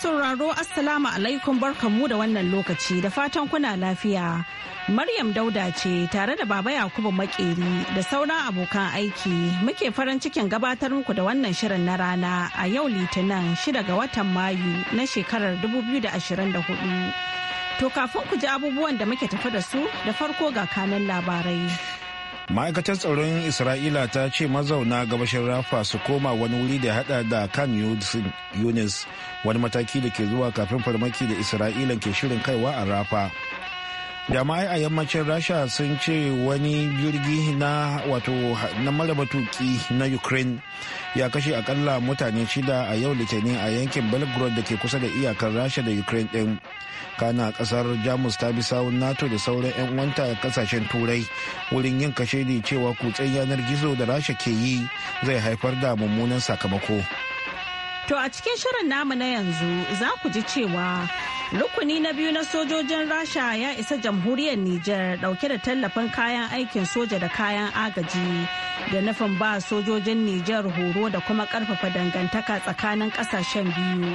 sauraro Assalamu alaikum barkanmu da wannan lokaci da fatan kuna lafiya. Maryam Dauda ce tare da Baba Yakubu Makeri da sauran abokan aiki muke farin cikin gabatar muku da wannan shirin na rana a yau Litinin 6 ga watan Mayu na shekarar 2024. To kafin ku ji abubuwan da muke tafi da su da farko ga kanan labarai. ma'aikatar tsaron isra'ila ta ce mazauna gabashin rafa su koma wani wuri da hada da kan yunis wani mataki da ke zuwa kafin farmaki da isra'ila ke shirin kaiwa a rafa jama'ai a yammacin rasha sun ce wani jirgi na wato na mara matuki na ukraine ya kashe akalla mutane shida a yau litinin a yankin belgrade da ke kusa da iyakar rasha da ukraine din kana kasar jamus ta bi sawun nato da sauran 'yan uwanta kasashen turai wurin yin kashe ne cewa kutsen yanar gizo da rasha ke yi zai haifar da mummunan sakamako To a cikin shirin namu na yanzu za ku ji cewa Rukuni na biyu na sojojin Rasha ya isa jamhuriyar Nijar dauke da tallafin kayan aikin soja da kayan agaji da nufin ba sojojin Nijar horo da kuma karfafa dangantaka tsakanin kasashen biyu.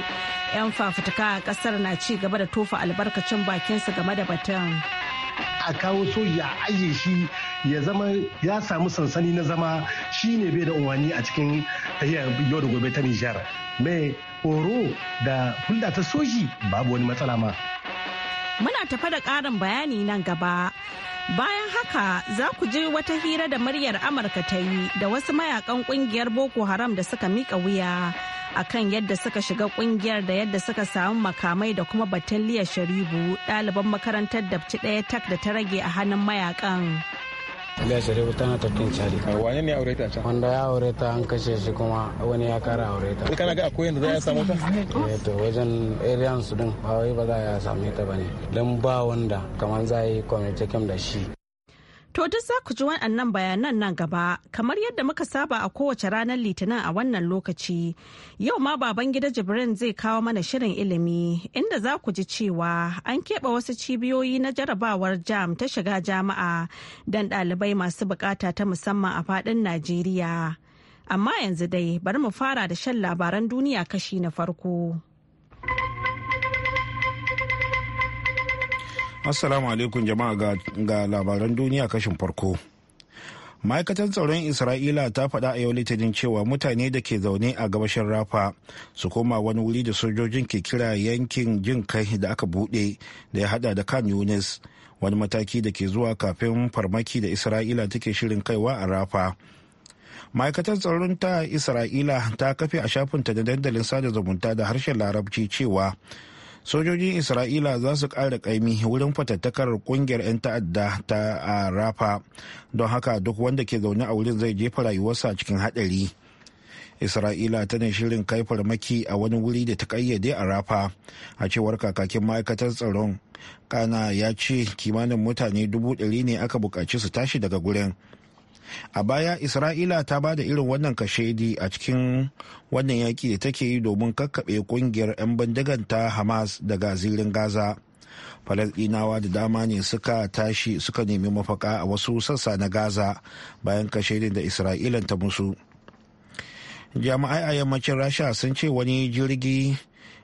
'Yan fafutuka a kasar na ci gaba da tofa albarkacin bakinsu game da batun. a kawo soji a aje shi ya zama ya samu sansani na zama shi ne bai da umarni a cikin yau da gobe ta nijar mai horo da hulɗa ta soji babu wani matsala ma muna tafa da ƙarin bayani nan gaba bayan haka za ku ji wata hira da muryar amurka ta yi da wasu mayakan ƙungiyar boko haram da suka mika wuya akan yadda suka shiga kungiyar da yadda suka samu makamai da kuma batun sharibu ɗaliban makarantar da ci ɗaya tak da ta rage a hannun mayakan. Liya Sharifu tana tafkin cari. Wane ne aure ta can? Wanda ya aure ta an kashe shi kuma wani ya kara aure ta. Kana ga akwai yadda za a samu ta? Eh to wajen area su din ba wai ba za a same ta bane. Dan ba wanda kamar za a yi kwamitin da shi To duk za ku ji waɗannan bayanan nan gaba kamar yadda muka saba a kowace ranar litinin a wannan lokaci. Yau ma baban gida Jibrin zai kawo mana shirin ilimi inda za ku ji cewa an keɓe wasu cibiyoyi na jarabawar jam ta shiga jama'a don ɗalibai masu bukata ta musamman a faɗin Najeriya. Amma yanzu dai bari mu fara da shan labaran duniya kashi na farko. Assalamu alaikum jama'a ga labaran duniya kashin farko. ma'aikatan tsaron isra'ila ta faɗa a yau litinin cewa mutane da ke zaune a gabashin rafa su koma wani wuri da sojojin ke kira yankin jin kai da aka buɗe da ya hada da kan yunis wani mataki da ke zuwa kafin farmaki da isra'ila take shirin kaiwa a rafa ma'aikatar tsaron ta isra'ila ta kafe a shafinta da dandalin sada zumunta da harshen larabci cewa sojojin isra'ila za su ƙara ƙaimi wurin fatattakar ƙungiyar 'yan ta'adda ta a rafa don haka duk wanda ke zaune a wurin zai jefa rayuwarsa cikin haɗari isra'ila tana shirin kai farmaki a wani wuri da ta ƙayyade a rafa a cewar kakakin ma'aikatar tsaron kana ya ce kimanin mutane dubu ɗari ne aka buƙaci su tashi daga gurin a baya isra'ila ta ba da irin wannan kashedi a cikin wannan yaki da take yi domin kakkaɓe kungiyar 'yan bindigan ta hamas daga zirin gaza falasɗinawa da dama ne suka tashi suka nemi mafaka a wasu sassa na gaza bayan kashedin da isra'ilan ta musu jami'ai a yammacin rasha sun ce wani jirgi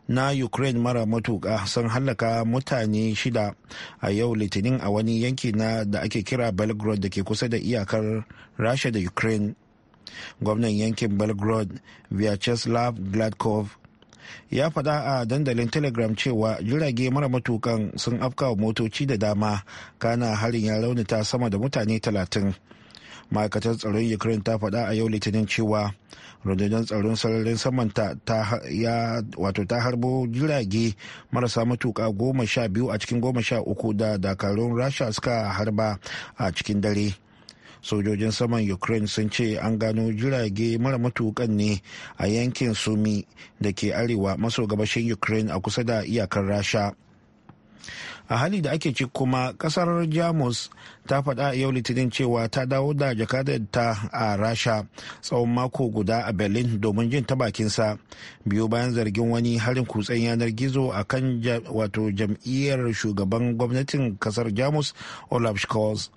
na ukraine mara matuka sun hallaka mutane shida a yau litinin a wani yanki na da ake kira belgrade da ke kusa da iyakar rasha da ukraine gwamnan yankin belgrade vyacheslav gladkov ya fada a dandalin telegram cewa jirage mara matukan sun afkawa motoci da dama kana harin ya raunata sama da mutane talatin. ma'aikatar tsaron ukraine ta faɗa a yau litinin cewa rundunar tsaron sararin samanta ta harbo jirage marasa matuka goma sha biyu a cikin goma sha uku da dakarun rasha suka harba a cikin dare sojojin saman ukraine sun ce an gano jirage mara matukan ne a yankin sumi da ke arewa maso gabashin ukraine a kusa da iyakar rasha a hali da ake ci kuma kasar jamus ta faɗa a yau litinin cewa ta dawo da jakadar ta a rasha tsawon mako guda a berlin domin jin ta bakinsa biyu bayan zargin wani harin kutsen yanar gizo a kan wato jam'iyyar shugaban gwamnatin kasar jamus olaf scholz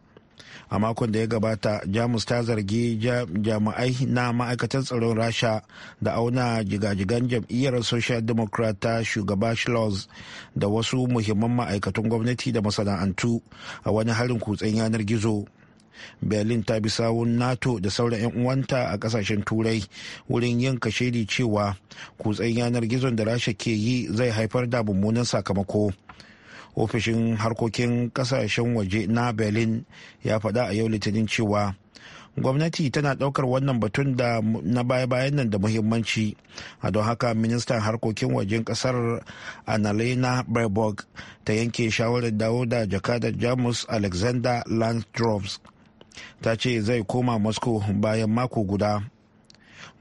a makon da ya gabata jamus ta zargi jami'ai na ma'aikatar tsaron rasha da auna jigajigan jam'iyyar social democrat ta shugaba schloss da wasu muhimman ma'aikatan gwamnati da masana'antu a wani harin kutsen yanar gizo berlin ta bi sawun nato da sauran 'yan uwanta a kasashen turai wurin yin kashedi cewa kutsen yanar gizon da rasha ke yi zai haifar da mummunan sakamako ofishin harkokin kasashen waje na berlin ya faɗa a yau litinin cewa gwamnati tana ɗaukar wannan batun da na baya-bayan nan da muhimmanci a don haka ministan harkokin wajen ƙasar annalena berbog ta yanke shawarar dawo da jakadar jamus alexander landstroms ta ce zai koma moscow bayan mako guda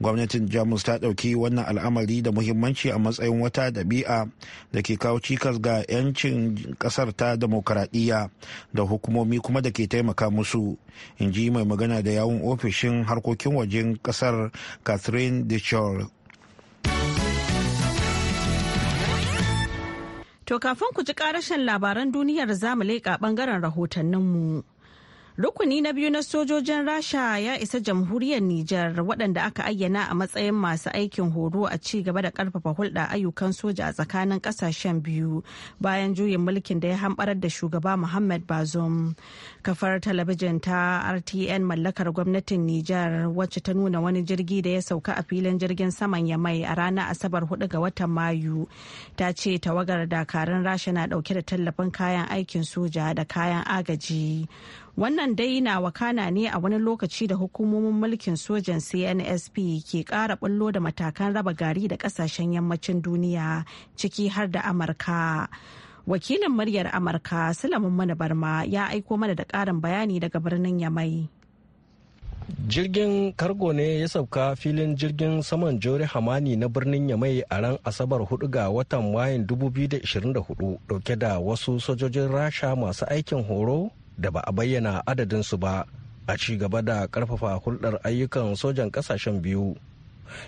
gwamnatin jamus ta ɗauki wannan al'amari da muhimmanci a matsayin wata ɗabi'a da ke kawo cikas ga 'yancin ƙasar ta demokaradiyya da hukumomi kuma da ke taimaka musu in ji mai magana da yawun ofishin harkokin wajen ƙasar catherine de To kafin ku ji ƙarashin labaran duniyar zamu leƙa ɓangaren rahotanninmu. mu. Rukuni na biyu na sojojin Rasha ya isa jamhuriyar Nijar waɗanda aka ayyana a matsayin masu aikin horo a ci gaba da ƙarfafa hulɗa ayyukan soja a tsakanin ƙasashen biyu bayan juyin mulkin da ya hamɓarar da shugaba Muhammad Bazoum. Kafar talabijin ta RTN mallakar gwamnatin Nijar wacce ta nuna wani jirgi da ya sauka a filin jirgin saman Yamai a ranar Asabar hudu ga watan Mayu ta ce tawagar dakarun Rasha na ɗauke da tallafin kayan aikin soja da kayan agaji. Wannan dai na wakana ne a wani lokaci da hukumomin mulkin sojan CNSP ke kara bullo da matakan raba gari da kasashen yammacin duniya ciki har da Amurka. Wakilin muryar Amurka Sulaiman Mana Barma ya aiko mana da karin bayani daga birnin Yamai. jirgin kargo ne ya sauka filin jirgin saman jori hamani na birnin yamai a ran asabar 4 ga watan mayun 2024 dauke da wasu sojojin rasha masu aikin horo da ba a bayyana adadin su ba a ci gaba da karfafa hulɗar ayyukan sojan ƙasashen biyu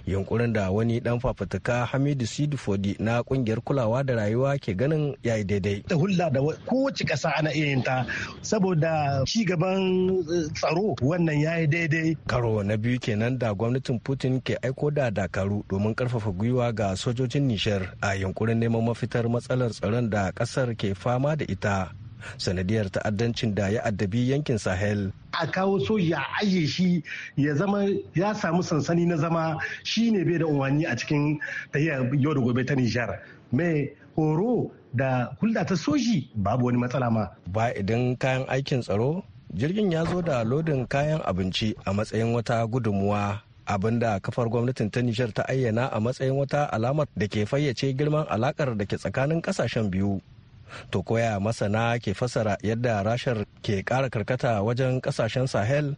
yunkurin da wani dan fafutuka hamidu sidifodi na kungiyar kulawa da rayuwa ke ganin yayi daidai ta hulla da kowace kasa ana iya yin ta saboda ci gaban eh, tsaro wannan yayi daidai karo na biyu kenan da gwamnatin putin ke aiko da dakaru domin karfafa gwiwa ga sojojin nishar a yunkurin neman mafitar matsalar tsaron da kasar ke fama da ita sanadiyar ta'addancin da ya addabi yankin sahel a kawo soja ya aje shi ya zama ya samu sansani na zama shi ne bai da umarni a cikin tahiyar yau da gobe ta nijar mai horo da hulɗa ta soji babu wani matsala ma ba idan kayan aikin tsaro jirgin ya zo da lodin kayan abinci a matsayin wata gudunmuwa abinda kafar gwamnatin ta nijar ta ayyana a matsayin wata alamar da ke fayyace girman alakar da ke tsakanin kasashen biyu to koya masana ke fasara yadda rashar ke ƙara karkata wajen ƙasashen sahel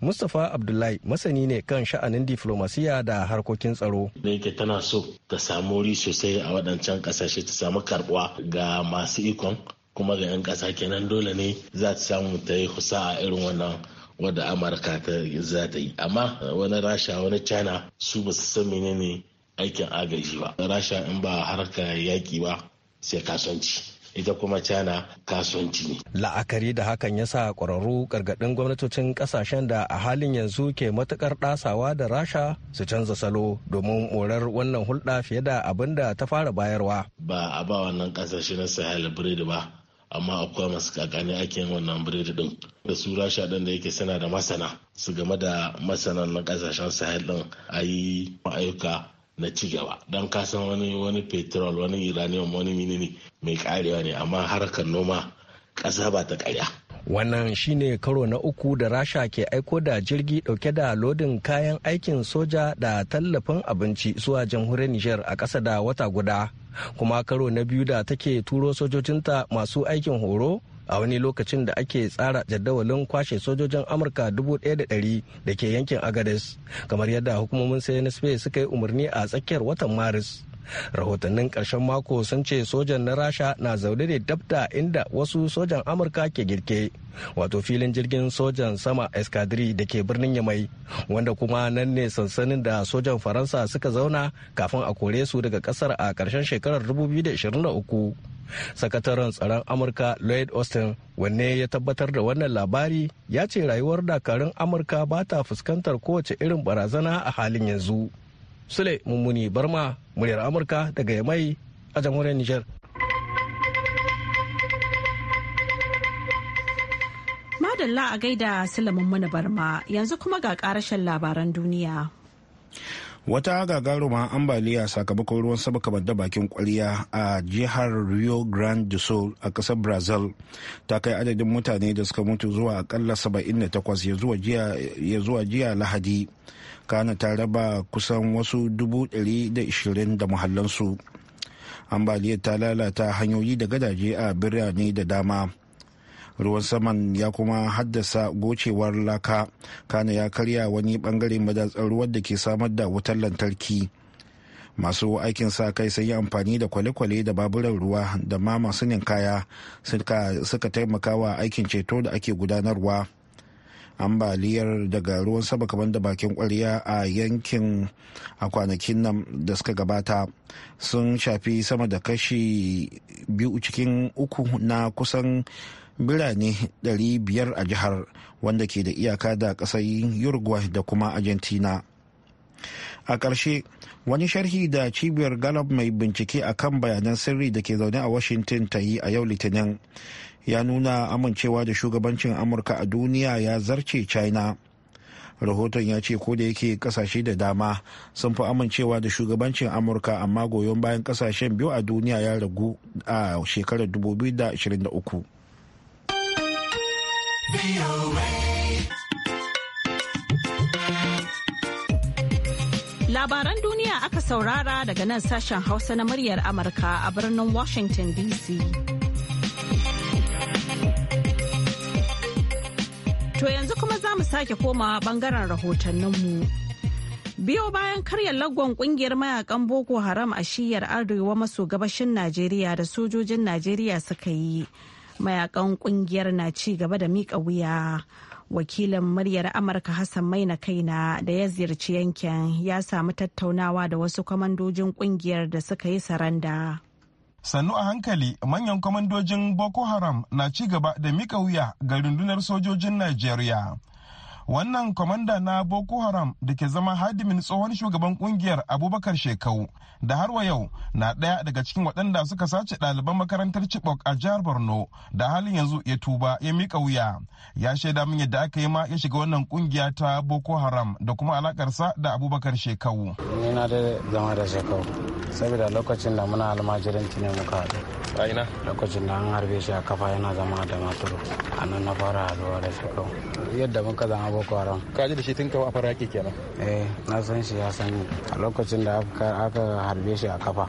mustapha abdullahi masani ne kan sha'anin diflomasiya da harkokin tsaro da yake tana so ta samu wuri sosai a waɗancan ƙasashe ta samu karbuwa ga masu ikon kuma ga 'yan ƙasa kenan dole ne za ta samu ta yi husa a irin wannan wadda amurka ta za ta yi amma wani rasha wani china su ba su san menene aikin agaji ba rasha in ba harka yaƙi ba sai kasuwanci ita kuma China kasuwanci La'akari da hakan ya sa ƙwararru gargaɗin gwamnatocin ƙasashen da a halin yanzu ke matuƙar ɗasawa da Rasha su canza salo domin morar wannan hulɗa fiye da abin da ta fara bayarwa. Ba a ba wannan ƙasashe na Sahel biredi ba. amma akwai masu kakani ake yin wannan biredi din da su rasha ɗin da yake suna da masana su game da masanan na ƙasashen sahel ɗin a yi ayyuka na ci gaba don kasan wani wani petrol wani uranium wani minini mai karewa ne amma harkar noma ƙasa ba ta karya wannan shine karo na uku da rasha ke aiko da jirgi dauke da lodin kayan aikin soja da tallafin abinci zuwa jamhuriyar nijar a ƙasa da wata guda kuma karo na biyu da take turo sojojinta masu aikin horo a wani lokacin da ake tsara jadawalin kwashe sojojin amurka 1,100 da ke yankin agades kamar yadda hukumomin cnsp suka yi umarni a tsakiyar watan maris rahotannin karshen mako sun ce sojan na rasha na zaune ne dabda inda wasu sojan amurka ke girke wato filin jirgin sojan sama escadri da ke birnin yamai wanda kuma nan ne sansanin da sojan faransa suka zauna kafin a kore su daga kasar a ƙarshen shekarar 2023 sakataren tsaron amurka lloyd austin wanne ya tabbatar da wannan labari ya ce rayuwar dakarun amurka ba ta fuskantar kowace irin barazana a halin yanzu sule mummuni barma muryar amurka daga yamai a jamhuriyar niger madalla a gaida sule mummuni barma yanzu kuma ga karashen labaran duniya wata gagaruma ambaliya sakamakon ruwan sama kamar da bakin kwariya a jihar rio grande do sul a kasar brazil ta kai adadin mutane da suka mutu zuwa akalla 78 ya zuwa jiya lahadi kana ta raba kusan wasu 120 da muhallansu ambaliyar ta lalata hanyoyi da gadaje a birane da dama ruwan saman ya kuma haddasa gocewar laka kana ya karya wani bangare madatsar ruwan da ke samar da wutar lantarki masu aikin sa kai sun yi amfani da kwale-kwale da baburan ruwa da ma masu ninkaya suka taimaka wa aikin ceto da ake gudanarwa ambaliyar daga ruwan sama kamar da bakin kwarya a yankin a kwanakin nan da suka gabata sun shafi sama da kashi biyu cikin uku na kusan birane 500 a jihar wanda ke da iyaka da ƙasar uruguay da kuma argentina a ƙarshe wani sharhi da cibiyar gallup mai bincike a kan bayanan sirri da ke zaune a washington ta yi a yau litinin ya nuna amincewa da shugabancin amurka a duniya ya zarce china rahoton ya ce ko da yake kasashe da dama sun fi amincewa da shugabancin amurka amma goyon bayan kasashen biyu a duniya ya ragu a shekarar 2023 Labaran duniya aka saurara daga nan sashen Hausa na muryar Amurka a birnin Washington DC. To yanzu kuma za mu sake komawa bangaren rahotanninmu. Biyo bayan karya lagwan kungiyar mayakan Boko Haram a shiyar arewa maso gabashin Najeriya da sojojin Najeriya suka yi. mayakan kungiyar na ci gaba da miƙa wuya wakilin muryar amurka hassan maina kaina da ya ziyarci yankin ya samu tattaunawa da wasu kwamandojin kungiyar da suka yi saranda sannu a hankali manyan kwamandojin boko haram na ci gaba da mika wuya ga rundunar sojojin najeriya wannan kwamanda na boko haram da ke zama hadimin tsohon shugaban kungiyar abubakar shekau da har yau na ɗaya daga cikin waɗanda suka sace ɗaliban makarantar chibok a jihar borno da halin yanzu ya tuba ya miƙa wuya ya shaida min yadda aka yi ma ya shiga wannan kungiya ta boko haram da kuma alakarsa da abubakar shekau ni na da zama da shekau saboda lokacin da muna almajiranci ne muka haɗu a ina lokacin da an harbe shi a kafa yana zama da maturu a nan na fara haduwa da shi kawo yadda mun muka zama boko haram ka ji da shi tun kawo a fara yake kenan eh na san shi ya sani a lokacin da aka harbe shi a kafa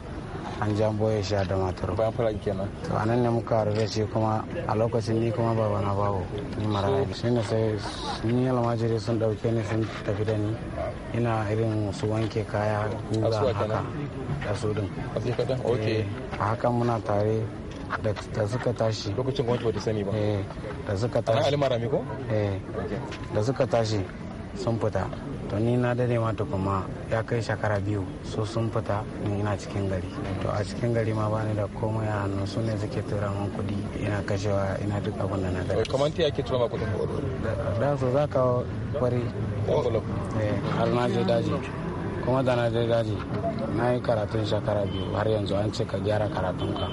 an jan boye shi da matar bayan fara kenan to anan ne muka harbe shi kuma a lokacin ni kuma baba na babu ni mara ne. shi ne sai ni almajiri sun dauke ni sun tafi da ni ina irin su wanke kaya guga haka da su din eh, a haka muna tare da suka tashi lokacin gwamnati ba ta sani ba eh, da suka tashi Alimara ko? Eh. da suka tashi sun fita to ni na dade ma kuma ya kai shekara biyu su sun fita ni ina cikin gari to a cikin gari ma bani da komai a hannu su ne suke tura min kuɗi ina kashewa ina duk abin da na gari eh, kamar ta yake tura ma kuɗin da su za ka fari eh, je daji kuma da na daji na yi karatun shekara biyu har yanzu an ce ka gyara karatunka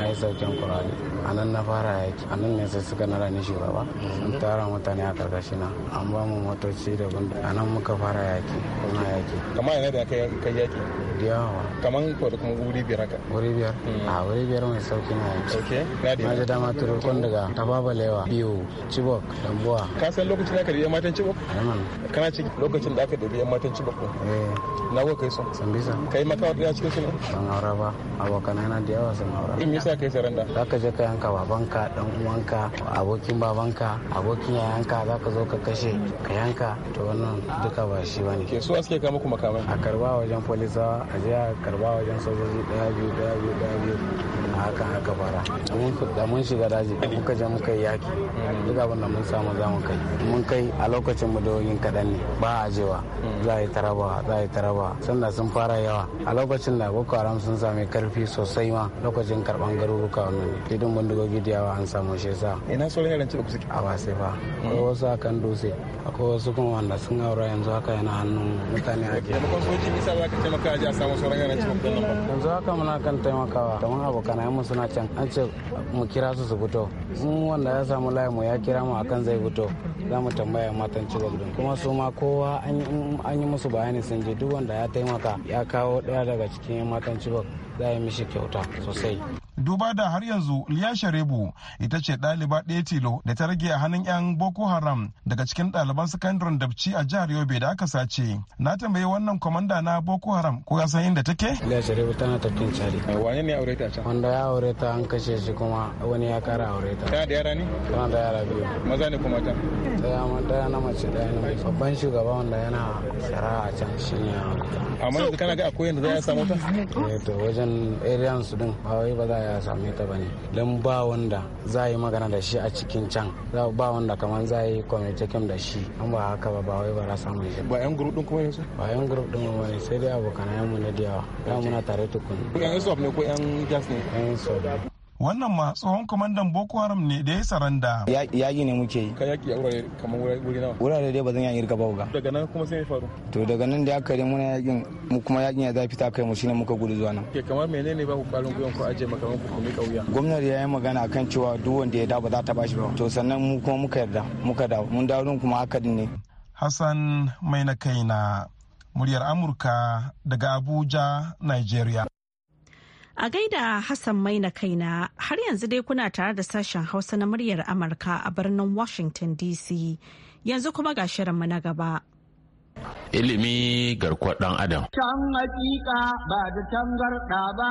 na yi saukin kurani a nan na fara yaki a nan ne sai suka nara ni shugaba sun tara mutane a karkashi na an ba mu motoci daban a nan muka fara yaki kuma yaki kamar yana da kai yaki yawa kamar ko da kuma wuri biyar ka wuri biyar hmm. a wuri biyar mai sauki na yaki na ji dama kun daga tababalewa biyu cibok dambuwa ka san lokacin da aka da matan cibok kana ci lokacin da aka da matan cibok eh. na kuka kai sun bisa kai maka wata cikin su ne ban aura ba abokanai da yawa sun aura sa kai saranda za ka je ka yanka babanka dan uwanka abokin babanka abokin yayanka za ka zo ka kashe ka yanka to wannan duka ba shi bane ke su aske ka muku makamai a karba wajen polisa a je a karba wajen sojoji daya biyu daya biyu daya biyu a hakan haka fara. da mun shiga daji muka je muka yi yaki mm. duk abin da mun samu za mu kai mun kai a lokacin mu dogin kaɗan ne ba a jewa mm. za a yi taraba za a yi taraba sannan sun fara yawa a lokacin da boko haram sun sami karfi sosai ma lokacin karban garuruka wannan idan bandugogi da yawa an samu shi sa. ina ne yaran cikin suke a wasai ba akwai wasu a kan dutse akwai wasu kuma wanda sun aura yanzu haka yana hannun mutane a ke maimakon soji nisa za ka taimaka a samu sauran yaran cikin nan yanzu haka muna kan taimakawa kamar abokanai mu suna can an ce mu kira su su fito mun wanda ya samu layi mu ya kira mu akan zai fito za mu tambaya matan ci din kuma su ma kowa an yi musu bayani sun je duk wanda ya taimaka ya kawo daya daga cikin matan cibok za a yi mishi kyauta sosai duba da har yanzu liya sharebu ita ce ɗaliba ɗaya tilo da ta rage a hannun 'yan boko haram daga cikin ɗaliban sakandaren dabci a jihar yobe da aka sace na tambayi wannan kwamanda na boko haram ko ya san inda take liya sharebu tana tafkin cari wani ne aure ta can wanda ya aure ta an kashe shi kuma wani ya kara aure ta tana da yara ne tana da yara biyu maza ne kuma ta ma ɗaya na mace ɗaya na mace babban shugaba wanda yana shara a can shi ne ya aure ta amma kana ga akwai yanda za a samu ta eh wajen area su din ba wai ba za a ya same ta bane don ba wanda za yi magana da shi a cikin can ba wanda kamar za yi communication da shi an ba haka ba ba wai ba ra samun shi ba yan gurudun kuma yanzu ba yan gurudun kuma ne sai dai abokan mu na diyawa yawa da muna tare tukun yan isop ne ko yan gas ne yan isop wannan ma tsohon kwamandan boko haram ne da ya saranda yaƙi ne muke yi ka a wurare kamar wuri nawa wurare dai ba zan yi gaba ba daga nan kuma sai ya faru to daga nan da aka muna yakin mu kuma yakin ya zafi ta kai mu shine muka gudu zuwa nan ke kamar menene ba ku kwalin gwiwa ko aje makaman ku kuma kauya gwamnati ya yi magana akan cewa duk wanda ya dawo ba za ta bashi ba to sannan mu kuma muka yarda muka dawo mun dawo kuma haka ne hassan mai na kaina muryar amurka daga abuja nigeria A gaida Hassan Maina kaina har yanzu dai kuna tare da sashen Hausa na muryar Amurka a birnin Washington DC. Yanzu kuma ga shirinmu na gaba. Ilimi garkuwar dan Adam. Can hakika ba da tangarɗa ba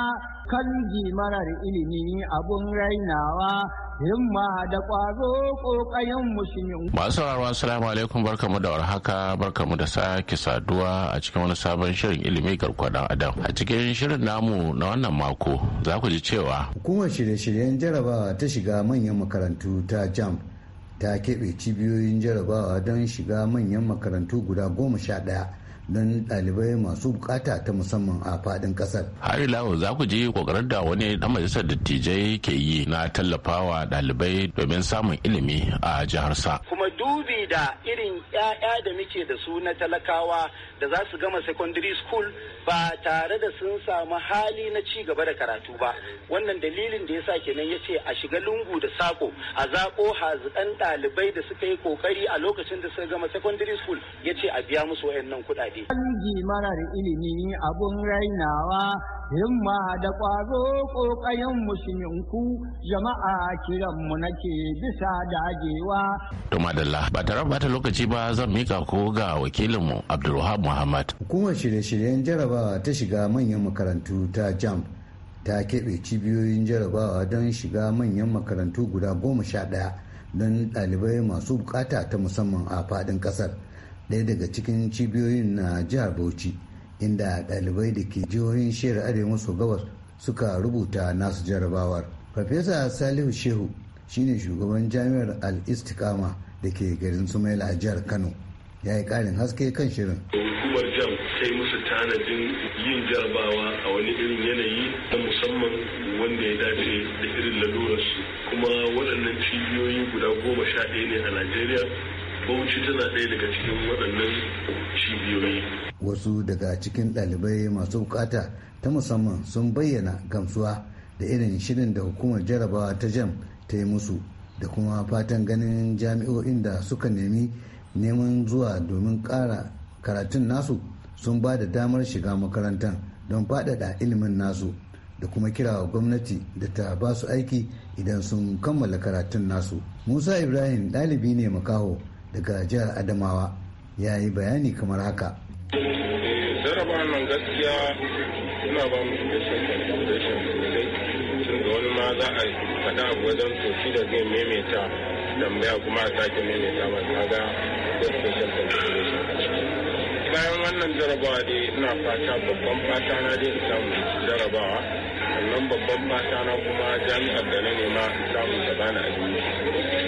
kan marar ilimi abun rainawa himma da ƙwazo ƙoƙayen musulmi. Masu sauraro assalamu alaikum barkamu da warhaka barkamu da sake saduwa a cikin wani sabon shirin ilimi garkuwar dan adam. A cikin shirin namu na wannan mako za ku ji cewa. Hukumar shirye-shiryen jarabawa ta shiga manyan makarantu ta jamb. ta keɓe cibiyoyin jarabawa don shiga manyan makarantu guda goma sha ɗaya don dalibai masu bukata ta musamman a fadin kasar. har ila za ku ji kokarin da wani ɗan majalisar dattijai ke yi na tallafawa dalibai domin samun ilimi a jihar sa. kuma dubi da irin 'ya'ya da muke da su na talakawa da za su gama secondary school ba tare da sun samu hali na ci gaba da karatu ba wannan dalilin da ya sa kenan ya ce a shiga lungu da sako a zaƙo hazikan dalibai da suka yi kokari a lokacin da suka gama secondary school ya ce a biya musu wayannan kuɗaɗe daɗi. Kangi marar ilimi abun rainawa himma da ƙwazo ƙoƙarin musulminku jama'a kiranmu nake bisa dagewa. da madalla ba tare bata lokaci ba zan mika ko ga wakilinmu Abdulwahab Muhammad. Hukumar shirye-shiryen jarabawa ta shiga manyan makarantu ta Jam ta keɓe cibiyoyin jarabawa don shiga manyan makarantu guda goma sha ɗaya don ɗalibai masu bukata ta musamman a faɗin ƙasar. ɗaya daga cikin cibiyoyin na jihar bauchi inda ɗalibai da ke jihohin shiyar arewa maso gabas suka rubuta nasu jarabawar farfesa salihu shehu shine shugaban jami'ar al-istikama da ke garin sumaila a jihar kano ya yi ƙarin haske kan shirin hukumar jam sai musu tanadin yin jarabawa a wani irin yanayi na musamman wanda ya dace da irin lalurarsu kuma waɗannan cibiyoyi guda goma sha ɗaya ne a najeriya bauchi tana ɗaya daga cikin waɗannan cibiyoyi wasu daga cikin ɗalibai masu bukata ta musamman sun bayyana gamsuwa da irin shirin da hukumar jarabawa ta jam ta yi musu da kuma fatan ganin jami'o'in da suka nemi neman zuwa domin ƙara karatun nasu sun ba da damar shiga makarantar don faɗaɗa ilimin nasu da kuma kirawa gwamnati da ta ba su aiki idan sun kammala karatun nasu musa ibrahim ɗalibi ne makaho daga jihar adamawa ya yi bayani kamar haka jaraba nan gaskiya suna ba mu sun ga wani ma za a faɗa abu wajen toshi da zai maimaita tambaya kuma a sake maimaita ba ta ga da special consideration bayan wannan jarabawa dai ina fata babban fata na dai in samu jarabawa sannan babban fata na kuma jami'ar da na nema in samu da bani abinci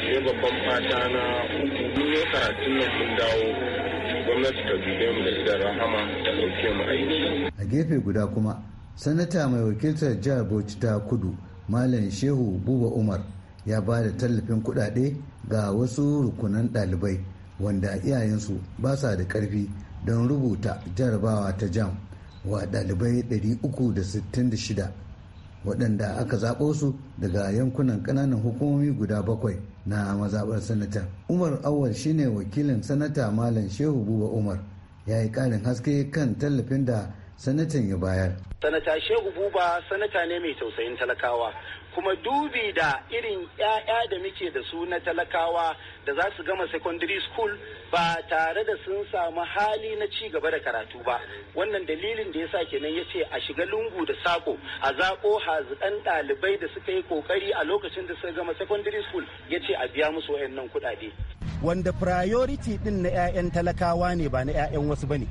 sai babban fata na mun ne karatun nan mun dawo gwamnati ta dube mu da idan rahama ta ɗauke mu aiki. A gefe guda kuma sanata mai wakiltar jihar Bauchi ta kudu Malam Shehu Buba Umar ya ba da tallafin kuɗaɗe ga wasu rukunan ɗalibai wanda iyayensu ba sa da ƙarfi don rubuta jarabawa ta jam wa ɗalibai 366 waɗanda aka zaɓo su daga yankunan ƙananan hukumomi guda bakwai na mazaɓar sanata, umar awal shine wakilin sanata malam shehu buba umar ya yi ƙarin haske kan tallafin da sanatan ya bayar. Sanata Shehu Buba sanata ne mai tausayin talakawa kuma dubi da irin 'ya'ya da muke da su na talakawa da za su gama secondary school ba tare da sun samu hali na ci gaba da karatu ba wannan dalilin da ya sa kenan ya ce a shiga lungu da sako a zaƙo hazikan ɗalibai da suka yi kokari a lokacin da suka gama secondary school ya ce a biya musu wayannan kuɗaɗe. wanda priority ɗin na 'ya'yan talakawa ne ba na 'ya'yan wasu ba ne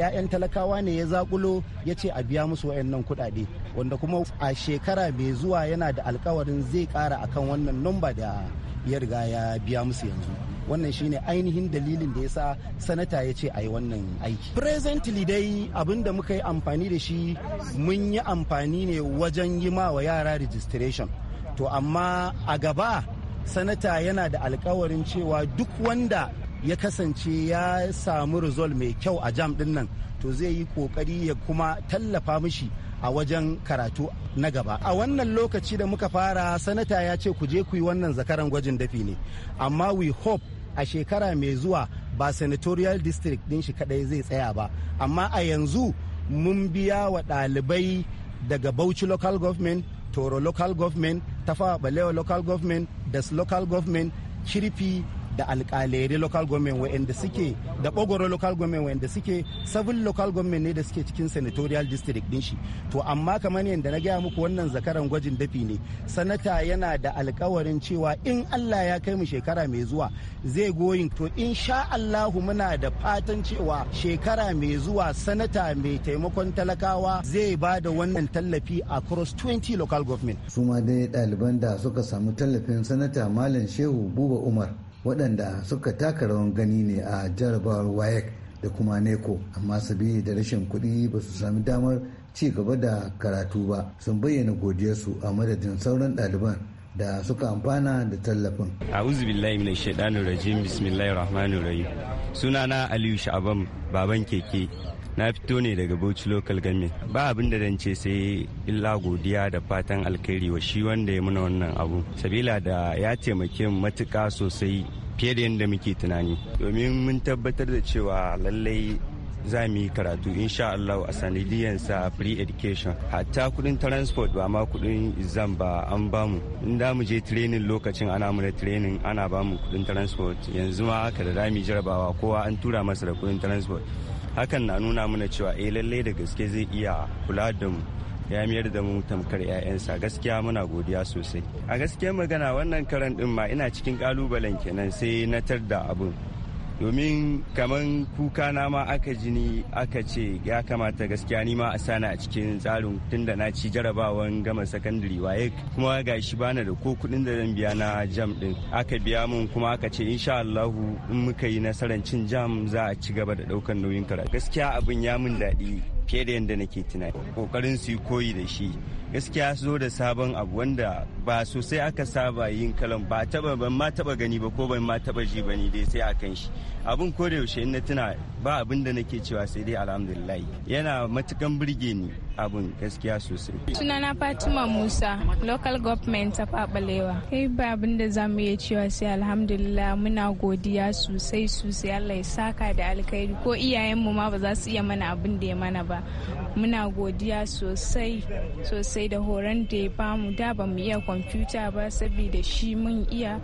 'ya'yan talakawa ne ya zakulo ya ce a biya musu wayannan kuɗaɗe wanda kuma a shekara mai zuwa yana da alkawarin zai ƙara akan wannan nomba da ya riga ya biya musu yanzu wannan shine ainihin dalilin da ya sa sanata ya ce a yi wannan aiki presently dai abin da muka yi amfani da shi mun yi amfani ne wajen yi ma wa yara registration to amma a gaba sanata yana da alkawarin cewa duk wanda ya kasance ya samu result mai kyau a jam din nan to zai yi kokari ya kuma tallafa mishi a wajen karatu na gaba a wannan lokaci da muka fara sanata ya ce ku je ku yi wannan zakaran gwajin dafi ne amma we hope a shekara mai zuwa ba senatorial district din shi kadai zai tsaya ba amma a yanzu mun biya wa ɗalibai daga bauchi local government toro local government tafawa balewa local government das local government kirfi da alkalai local government wa'anda suke da bogoro local government wa'anda suke civil local government ne da suke cikin senatorial district din shi to amma kamar yadda na gaya muku wannan zakaran gwajin dafi ne sanata yana da alkawarin cewa in allah ya kai mu shekara mai zuwa zai goyin to in sha allahu muna da fatan cewa shekara mai zuwa sanata mai taimakon talakawa zai ba da wannan tallafi a cross 20 local government su ma dai ɗaliban da suka samu tallafin sanata malam shehu buba umar waɗanda suka taka rawan gani ne a jarabawar wayek da kuma neko amma sabida da rashin kuɗi ba su sami damar ci gaba da karatu ba sun bayyana godiyarsu a madadin sauran ɗaliban da suka amfana da tallafin. A'udhu billahi minash shaitanir rajim bismillahir rahmanir rahim. Sunana Aliyu Sha'aban baban keke na fito ne daga bauchi local government ba abin da dan ce sai illa godiya da fatan alkhairi wa shi wanda ya muna wannan abu sabila da ya taimake mu matuka sosai fiye da yadda muke tunani domin mun tabbatar da cewa lallai za mu yi karatu insha Allah a sa free education hatta kudin transport ba ma kudin exam ba an mu in da mu je training lokacin ana mu da training ana ba mu kudin transport yanzu ma haka da mu jarabawa kowa an tura masa da kudin transport hakan na nuna mana cewa eh lalle da gaske zai iya kula da mu ya miyar da mu tamkar 'ya'yansa gaskiya muna godiya sosai a gaskiyar magana wannan karan din ma ina cikin kalubalen kenan sai na tar da abin domin kaman kuka na ma aka jini aka ce ya kamata gaskiya ni ma a sani a cikin tsarin tun da na ci jarabawan gama sakandare waye kuma ga shi bana da ko kudin da zan biya na jam din aka biya mun kuma aka ce insha Allahu in muka yi nasarar cin jam za a ci gaba da ɗaukan nauyin karatu gaskiya abin ya mun daɗi fiye da yadda nake tunani kokarin su koyi da shi gaskiya zo da sabon abu wanda ba sosai aka saba yin kalan ba taba ban ma taba gani ba ko ban ma taba ji ba ne dai sai akan shi abin ko da yaushe ina na tuna ba abin da nake cewa sai dai alhamdulillah yana matukan burge ni abun gaskiya sosai sunana Fatima Musa local government ta Abalewa kai eh, ba abin da zamu iya cewa sai alhamdulillah muna godiya sosai sosai Allah ya saka da alkhairi ko iyayenmu ma ba za su iya mana abin da ya mana ba muna godiya sosai sosai sosai da horon da ya bamu da ba mu iya kwamfuta ba saboda shi mun iya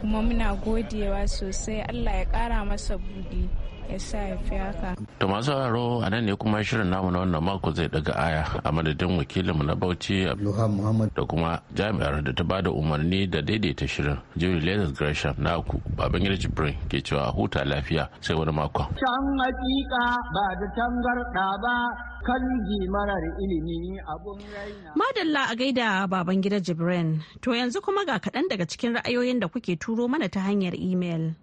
kuma muna godewa sosai allah ya kara masa buɗi ya masu a nan ne kuma shirin namu na wannan mako zai daga aya a madadin wakilin mu na Bauchi da kuma jami'ar da ta bada umarni da daidaita shirin Julie Lezard Gresham naku baban gida Jibrin ke cewa a huta lafiya sai wani makon. Can hakika ba da tangarda ba kan marar ilimi abun raina. Madalla a gaida babangida Jibrin to yanzu kuma ga kaɗan daga cikin ra'ayoyin da kuke turo mana ta hanyar imel.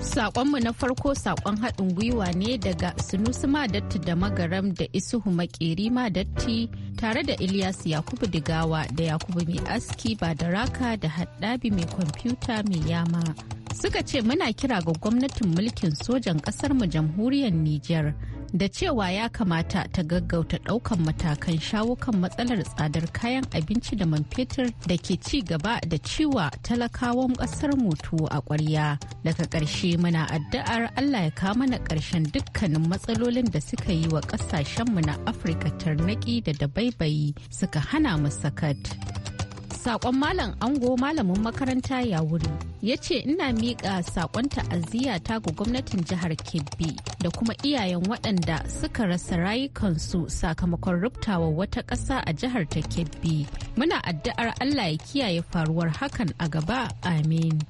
Sakonmu na farko saƙon haɗin gwiwa ne daga ma datti da Magaram da Isuhu Makeri datti tare da Ilyas Yakubu Digawa da Yakubu Mai Aski ba da raka da haɗabi mai kwamfuta mai yama. Suka ce muna kira ga gwamnatin mulkin sojan mu jamhuriyar Nijar. da cewa ya kamata ta gaggauta daukan matakan shawo kan matsalar tsadar kayan abinci da man fetur da ke ci gaba da ciwa talakawan kasar mutu a ƙwarya daga ƙarshe muna addu'ar allah ya kawo mana ƙarshen dukkanin matsalolin da suka yi wa ƙasashenmu na afirka tarnaƙi da dabaibayi suka hana mu sakat. Sakon Malam Ango malamin makaranta ya wuri ya ce ina miƙa sakon ta'aziyya ta ga gwamnatin jihar Kebbi da kuma iyayen waɗanda suka rasa rayukansu sakamakon rubtawa wata ƙasa a jihar ta Kebbi. Muna addu'ar Allah ya kiyaye faruwar hakan a gaba amin.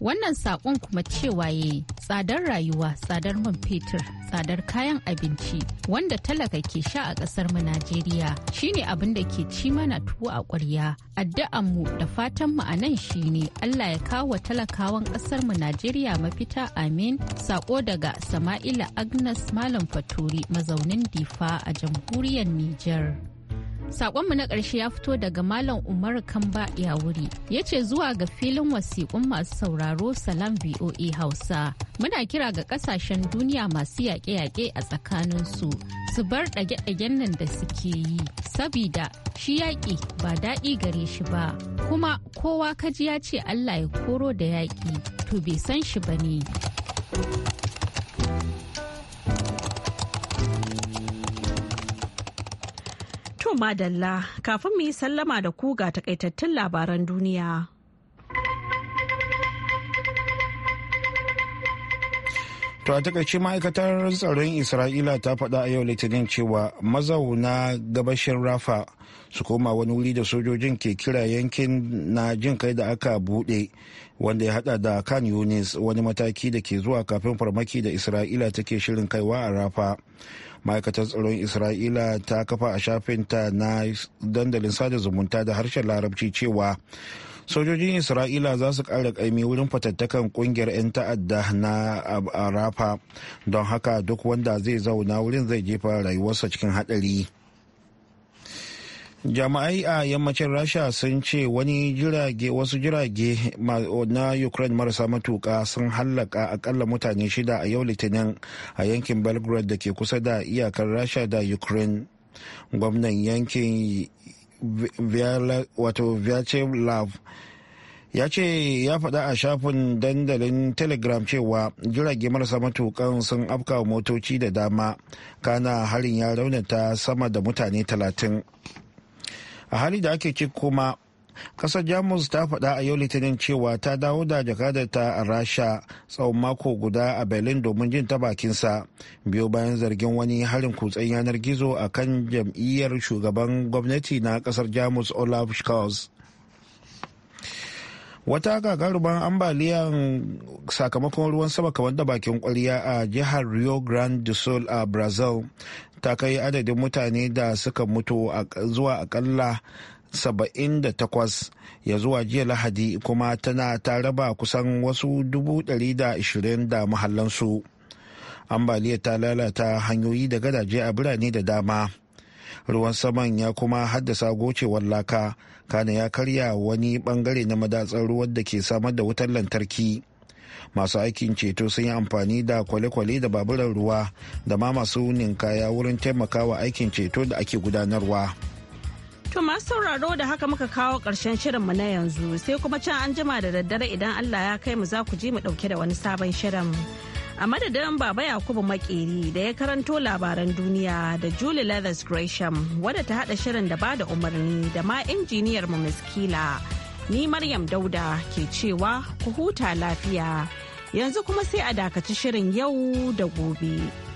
Wannan saƙon kuma cewa ya tsadar rayuwa, tsadar man fetur, tsadar kayan abinci wanda talaka ke sha a ƙasar mu Najeriya shine abin da ke ci mana tuwo a ƙwarya. Addu'an mu da fatan mu a nan shine Allah ya kawo talakawan ƙasar mu Najeriya mafita amin. saƙo daga Sama'ila Agnes Malam Faturi mazaunin Difa a jamhuriyar Nijar. Sakonmu na ƙarshe ya fito daga Malam Umar Kamba Yawuri. Ya ce zuwa ga filin wasiƙun masu sauraro Salam VOA Hausa. Muna kira ga ƙasashen duniya masu yaƙe-yaƙe a tsakaninsu su bar ɗage-ɗagen nan da suke yi. Sabida shi yaƙi ba daɗi gare shi ba. Kuma kowa kaji ya ce Allah ya koro da yaƙi to bai san shi ba ne. To madalla kafin mu yi sallama da ku ga takaitattun labaran duniya. To a takaice ma'aikatar tsaron Isra'ila ta faɗa a yau litinin cewa mazauna gabashin Rafa su koma wani wuri da sojojin ke kira yankin na jin kai da aka buɗe wanda ya hada da kan Yunis wani mataki da ke zuwa kafin farmaki da Isra'ila take shirin kaiwa a Rafa. Ma'aikatar tsaron Isra'ila ta kafa a shafinta na dandalin sada zumunta da harshen larabci cewa sojojin isra'ila za su ƙara ƙaimi wurin fatattakan ƙungiyar 'yan ta'adda na arafa don haka duk wanda zai zauna wurin zai jefa rayuwarsa cikin haɗari jama'ai a yammacin rasha sun ce wani jirage wasu jirage na ukraine marasa matuka sun hallaka akalla mutane shida a yau litinin a yankin belgrade da ke kusa da iyakar rasha da ukraine gwamnan yankin viace love ya ce ya faɗa a shafin dandalin telegram cewa jirage marasa matukan sun afka motoci da dama kana harin ya raunata sama da mutane talatin a hali da ake ci kuma kasar jamus ta faɗa a yau litinin cewa ta dawo da jakadarta a rasha tsawon mako guda a berlin domin jin ta bakinsa biyo bayan zargin wani harin kutsen yanar gizo a kan jam'iyyar shugaban gwamnati na kasar jamus olaf scholz wata gagaruman ambaliyan sakamakon ruwan sama kamar da bakin kwarya a jihar rio grande do sul a brazil ta kai adadin mutane da suka mutu zuwa akalla saba'in da 78 ya zuwa jiya lahadi kuma tana ta raba kusan wasu 120 da mahallansu ambaliya ta lalata hanyoyi da gadaje a birane da dama ruwan saman ya kuma haddasa gocewar laka kana ya karya wani bangare na madatsar ruwan da ke samar da wutar lantarki masu aikin ceto sun yi amfani da kwale-kwale da baburan ruwa da ma masu ninkaya wurin taimakawa aikin ceto da ake gudanarwa. To masu sauraro da haka muka kawo ƙarshen shirinmu na yanzu sai kuma can an jima da daddare idan Allah ya kai mu za ku ji mu ɗauke da wani sabon shirin. A madadin Baba Yakubu Makeri da ya karanto labaran duniya da Julie Leathers Gresham wadda ta haɗa shirin da ba da umarni da ma injiniyar mu Miskila. Ni Maryam Dauda ke cewa ku huta lafiya. Yanzu kuma sai a dakaci shirin yau da gobe.